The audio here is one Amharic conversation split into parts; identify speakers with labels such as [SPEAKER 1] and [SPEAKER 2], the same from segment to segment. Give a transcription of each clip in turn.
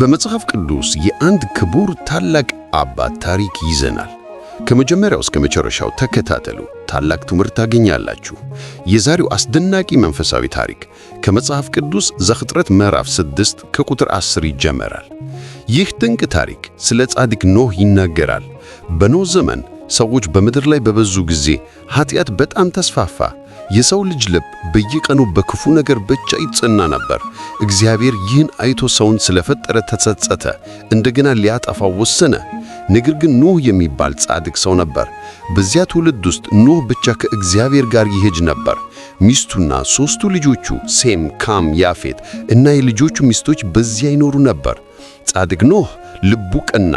[SPEAKER 1] በመጽሐፍ ቅዱስ የአንድ ክቡር ታላቅ አባት ታሪክ ይዘናል። ከመጀመሪያው እስከ መጨረሻው ተከታተሉ፣ ታላቅ ትምህርት ታገኛላችሁ። የዛሬው አስደናቂ መንፈሳዊ ታሪክ ከመጽሐፍ ቅዱስ ዘፍጥረት ምዕራፍ 6 ከቁጥር 10 ይጀመራል። ይህ ድንቅ ታሪክ ስለ ጻድቅ ኖህ ይናገራል። በኖህ ዘመን ሰዎች በምድር ላይ በበዙ ጊዜ ኃጢአት በጣም ተስፋፋ። የሰው ልጅ ልብ በየቀኑ በክፉ ነገር ብቻ ይጽና ነበር። እግዚአብሔር ይህን አይቶ ሰውን ስለፈጠረ ተጸጸተ፣ እንደገና ሊያጠፋው ወሰነ። ነገር ግን ኖህ የሚባል ጻድቅ ሰው ነበር። በዚያ ትውልድ ውስጥ ኖህ ብቻ ከእግዚአብሔር ጋር ይሄድ ነበር። ሚስቱና ሦስቱ ልጆቹ ሴም፣ ካም፣ ያፌት እና የልጆቹ ሚስቶች በዚያ ይኖሩ ነበር። ጻድቅ ኖህ ልቡ ቀና፣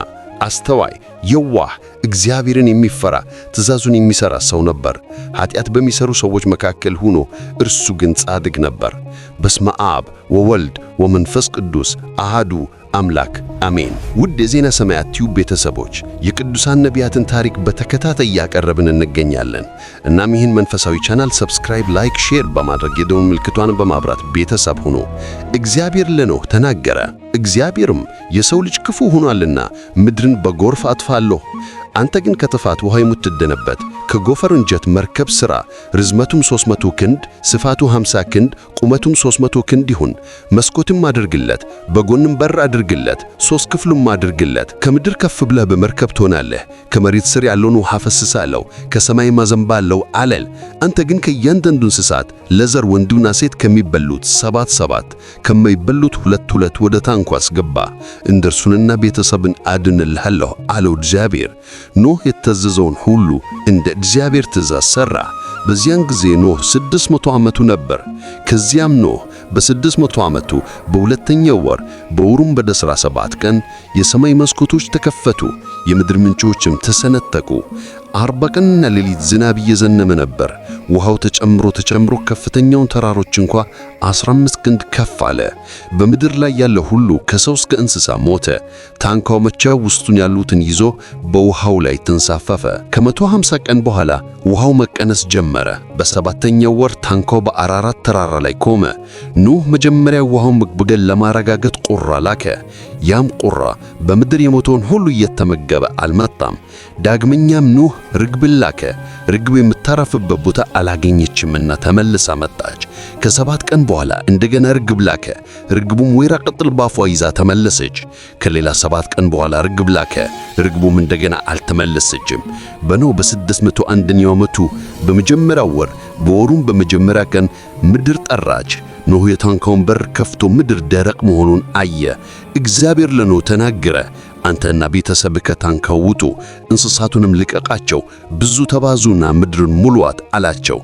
[SPEAKER 1] አስተዋይ፣ የዋህ እግዚአብሔርን የሚፈራ ትእዛዙን የሚሠራ ሰው ነበር። ኃጢአት በሚሠሩ ሰዎች መካከል ሆኖ እርሱ ግን ጻድቅ ነበር። በስመ አብ ወወልድ ወመንፈስ ቅዱስ አሃዱ አምላክ አሜን። ውድ የዜና ሰማያት ቲዩብ ቤተሰቦች የቅዱሳን ነቢያትን ታሪክ በተከታታይ እያቀረብን እንገኛለን። እናም ይህን መንፈሳዊ ቻናል ሰብስክራይብ፣ ላይክ፣ ሼር በማድረግ የደወል ምልክቷን በማብራት ቤተሰብ ሁኑ። እግዚአብሔር ለኖህ ተናገረ፣ እግዚአብሔርም የሰው ልጅ ክፉ ሆኗልና ምድርን በጎርፍ አጥፋለሁ አንተ ግን ከጥፋት ውሃ የምትደነበት ከጎፈር እንጨት መርከብ ሥራ። ርዝመቱም 300 ክንድ፣ ስፋቱ 50 ክንድ፣ ቁመቱም 300 ክንድ ይሁን። መስኮትም አድርግለት፣ በጎንም በር አድርግለት፣ ሦስት ክፍሉም አድርግለት። ከምድር ከፍ ብለህ በመርከብ ትሆናለህ። ከመሬት ስር ያለውን ውሃ ፈስሳለሁ፣ ከሰማይ ማዘንባ አለል። አንተ ግን ከእያንዳንዱ እንስሳት ለዘር ወንዱና ሴት ከሚበሉት ሰባት ሰባት ከማይበሉት ሁለት ሁለት ወደ ታንኳ አስገባ፣ እንደርሱንና ቤተሰብን አድንልሃለሁ አለው እግዚአብሔር። ኖህ የታዘዘውን ሁሉ እንደ እግዚአብሔር ትእዛዝ ሠራ። በዚያን ጊዜ ኖህ 600 ዓመቱ ነበር። ከዚያም ኖህ በ600 ዓመቱ በሁለተኛው ወር በወሩም በ17 ቀን የሰማይ መስኮቶች ተከፈቱ፣ የምድር ምንጮችም ተሰነጠቁ። አርባ ቀንና ሌሊት ዝናብ እየዘነመ ነበር። ውሃው ተጨምሮ ተጨምሮ ከፍተኛውን ተራሮች እንኳ 15 ክንድ ከፍ አለ። በምድር ላይ ያለ ሁሉ ከሰው እስከ እንስሳ ሞተ። ታንኳው መቻ ውስጡን ያሉትን ይዞ በውሃው ላይ ተንሳፈፈ። ከ150 ቀን በኋላ ውሃው መቀነስ ጀመረ። በሰባተኛው ወር ታንኳው በአራራት ተራራ ላይ ቆመ። ኑህ መጀመሪያ ውሃውን መግበገል ለማረጋገጥ ቁራ ላከ። ያም ቁራ በምድር የሞተውን ሁሉ እየተመገበ አልመጣም። ዳግመኛም ኑህ ርግብን ላከ። ርግብ የምታረፍበት ቦታ አላገኘችምና ተመልሳ መጣች። ከሰባት ቀን በኋላ እንደገና ርግብ ላከ። ርግቡም ወይራ ቅጠል ባፏ ይዛ ተመለሰች። ከሌላ ሰባት ቀን በኋላ ርግብ ላከ። ርግቡም እንደገና አልተመለሰችም። በኖ በ601ኛው ዓመቱ በመጀመሪያው ወር በወሩም በመጀመሪያ ቀን ምድር ጠራች። ኖህ የታንኳውን በር ከፍቶ ምድር ደረቅ መሆኑን አየ። እግዚአብሔር ለኖኅ ተናገረ አንተና ቤተሰብ ከታንካው ውጡ፣ እንስሳቱንም ልቀቃቸው፣ ብዙ ተባዙና ምድርን ሙሏት አላቸው።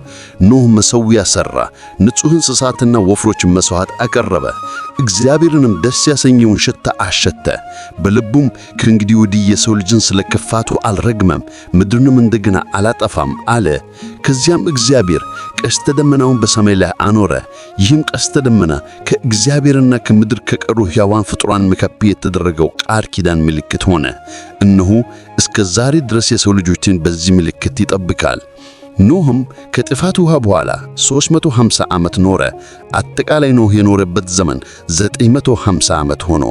[SPEAKER 1] ኖህ መሠዊያ ሠራ፣ ንጹሕ እንስሳትና ወፍሮችን መሥዋዕት አቀረበ። እግዚአብሔርንም ደስ ያሰኘውን ሽታ አሸተ። በልቡም ከእንግዲህ ወዲህ የሰው ልጅን ስለ ክፋቱ አልረግመም፣ ምድርንም እንደገና አላጠፋም አለ። ከዚያም እግዚአብሔር ቀስተ ደመናውን በሰማይ ላይ አኖረ። ይህም ቀስተ ደመና ከእግዚአብሔርና ከምድር ከቀሩ ሕያዋን ፍጡራን መካከል የተደረገው ቃል ኪዳን ምልክት ሆነ። እነሆ እስከ ዛሬ ድረስ የሰው ልጆችን በዚህ ምልክት ይጠብቃል። ኖህም ከጥፋት ውሃ በኋላ 350 ዓመት ኖረ። አጠቃላይ ኖህ የኖረበት ዘመን 950 ዓመት ሆኖ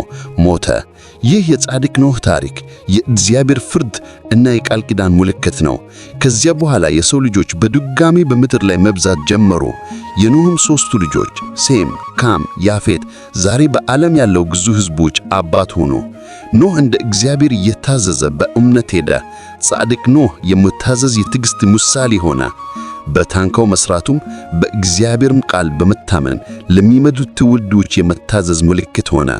[SPEAKER 1] ሞተ። ይህ የጻድቅ ኖህ ታሪክ የእግዚአብሔር ፍርድ እና የቃል ኪዳን ምልክት ነው። ከዚያ በኋላ የሰው ልጆች በድጋሚ በምድር ላይ መብዛት ጀመሩ። የኖህም ሦስቱ ልጆች ሴም፣ ካም፣ ያፌት ዛሬ በዓለም ያለው ግዙ ሕዝቦች አባት ሆኑ። ኖህ እንደ እግዚአብሔር እየታዘዘ በእምነት ሄደ። ጻድቅ ኖህ የመታዘዝ የትዕግሥት ምሳሌ ሆነ። በታንኳው መሥራቱም በእግዚአብሔርም ቃል በመታመን ለሚመዱት ትውልዶች የመታዘዝ ምልክት ሆነ።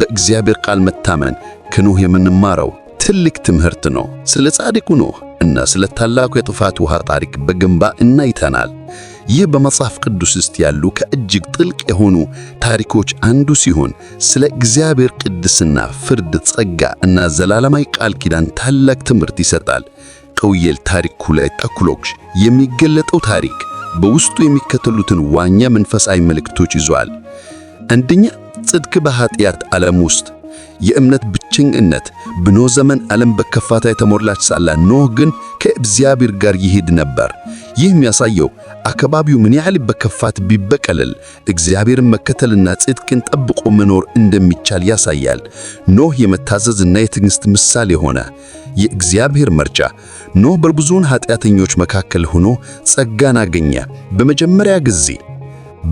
[SPEAKER 1] በእግዚአብሔር ቃል መታመን ከኖህ የምንማረው ትልቅ ትምህርት ነው። ስለ ጻድቁ ኖህ እና ስለ ታላቁ የጥፋት ውሃ ታሪክ በግንባ እናይተናል። ይህ በመጽሐፍ ቅዱስ ውስጥ ያሉ ከእጅግ ጥልቅ የሆኑ ታሪኮች አንዱ ሲሆን ስለ እግዚአብሔር ቅድስና፣ ፍርድ፣ ጸጋ እና ዘላለማዊ ቃል ኪዳን ታላቅ ትምህርት ይሰጣል። ቀውየል ታሪክ ሁለት ተኩሎች የሚገለጠው ታሪክ በውስጡ የሚከተሉትን ዋኛ መንፈሳዊ መልእክቶች ይዟል። አንደኛ ጽድቅ በኃጢአት ዓለም ውስጥ የእምነት ብቸኝነት። በኖህ ዘመን ዓለም በከፋታ የተሞላች ሳላ፣ ኖህ ግን ከእግዚአብሔር ጋር ይሄድ ነበር። ይህ የሚያሳየው አካባቢው ምን ያህል በከፋት ቢበቀለል እግዚአብሔርን መከተልና ጽድቅን ጠብቆ መኖር እንደሚቻል ያሳያል። ኖህ የመታዘዝና የትዕግሥት ምሳሌ ሆነ። የእግዚአብሔር መርጫ። ኖህ በብዙውን ኃጢአተኞች መካከል ሆኖ ጸጋን አገኘ። በመጀመሪያ ጊዜ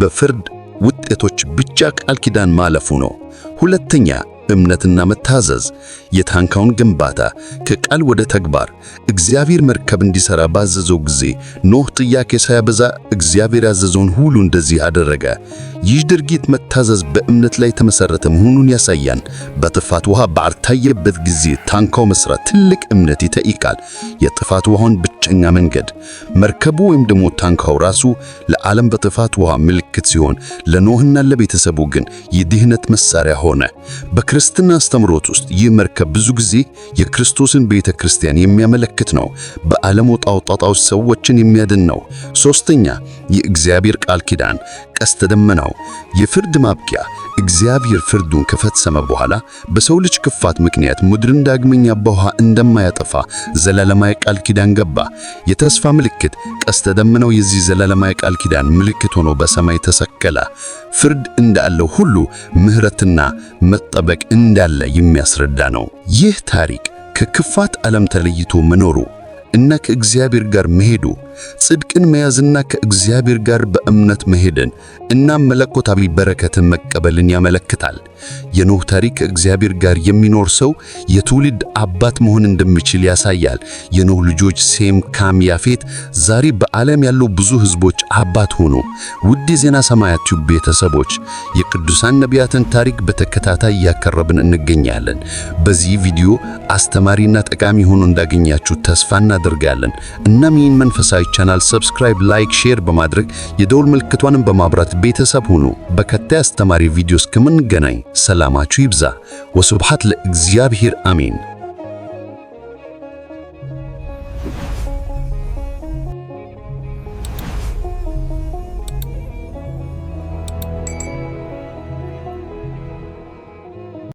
[SPEAKER 1] በፍርድ ውጤቶች ብቻ ቃል ኪዳን ማለፉ ነው። ሁለተኛ እምነትና መታዘዝ የታንካውን ግንባታ ከቃል ወደ ተግባር እግዚአብሔር መርከብ እንዲሰራ ባዘዘው ጊዜ ኖህ ጥያቄ ሳያበዛ እግዚአብሔር ያዘዘውን ሁሉ እንደዚህ አደረገ። ይህ ድርጊት መታዘዝ በእምነት ላይ የተመሠረተ መሆኑን ያሳያል። በጥፋት ውሃ ባልታየበት ጊዜ ታንኳው መሥራት ትልቅ እምነት ይጠይቃል። የጥፋት ውሃውን ብቸኛ መንገድ መርከቡ ወይም ደግሞ ታንኳው ራሱ ለዓለም በጥፋት ውሃ ምልክት ሲሆን፣ ለኖህና ለቤተሰቡ ግን የድህነት መሣሪያ ሆነ። በክርስትና አስተምሮት ውስጥ ይህ መርከብ ብዙ ጊዜ የክርስቶስን ቤተ ክርስቲያን የሚያመለክት ነው። በዓለም ወጣውጣጣዎች ሰዎችን የሚያድን ነው። ሦስተኛ የእግዚአብሔር ቃል ኪዳን ቀስተ ደመናው የፍርድ ማብቂያ እግዚአብሔር ፍርዱን ከፈጸመ በኋላ በሰው ልጅ ክፋት ምክንያት ምድርን ዳግመኛ በውሃ እንደማያጠፋ ዘላለማዊ ቃል ኪዳን ገባ። የተስፋ ምልክት ቀስተ ደመናው የዚህ ዘላለማዊ ቃል ኪዳን ምልክት ሆኖ በሰማይ ተሰቀለ። ፍርድ እንዳለው ሁሉ ምሕረትና መጠበቅ እንዳለ የሚያስረዳ ነው። ይህ ታሪክ ከክፋት ዓለም ተለይቶ መኖሩ እና ከእግዚአብሔር ጋር መሄዱ ጽድቅን መያዝና ከእግዚአብሔር ጋር በእምነት መሄድን እናም መለኮታዊ በረከትን መቀበልን ያመለክታል። የኖህ ታሪክ ከእግዚአብሔር ጋር የሚኖር ሰው የትውልድ አባት መሆን እንደሚችል ያሳያል። የኖህ ልጆች ሴም፣ ካም፣ ያፌት ዛሬ በዓለም ያሉ ብዙ ሕዝቦች አባት ሆኑ። ውድ የዜና ሰማያት ቲዩብ ቤተሰቦች የቅዱሳን ነቢያትን ታሪክ በተከታታይ እያቀረብን እንገኛለን። በዚህ ቪዲዮ አስተማሪና ጠቃሚ ሆኖ እንዳገኛችሁ ተስፋ እናደርጋለን። እናም ይህን መንፈሳዊ ቻናል ሰብስክራይብ፣ ላይክ፣ ሼር በማድረግ የደውል ምልክቷንም በማብራት ቤተሰብ ሁኑ። በከታይ አስተማሪ ቪዲዮ እስከምንገናኝ ሰላማችሁ ይብዛ። ወስብሐት ለእግዚአብሔር አሜን።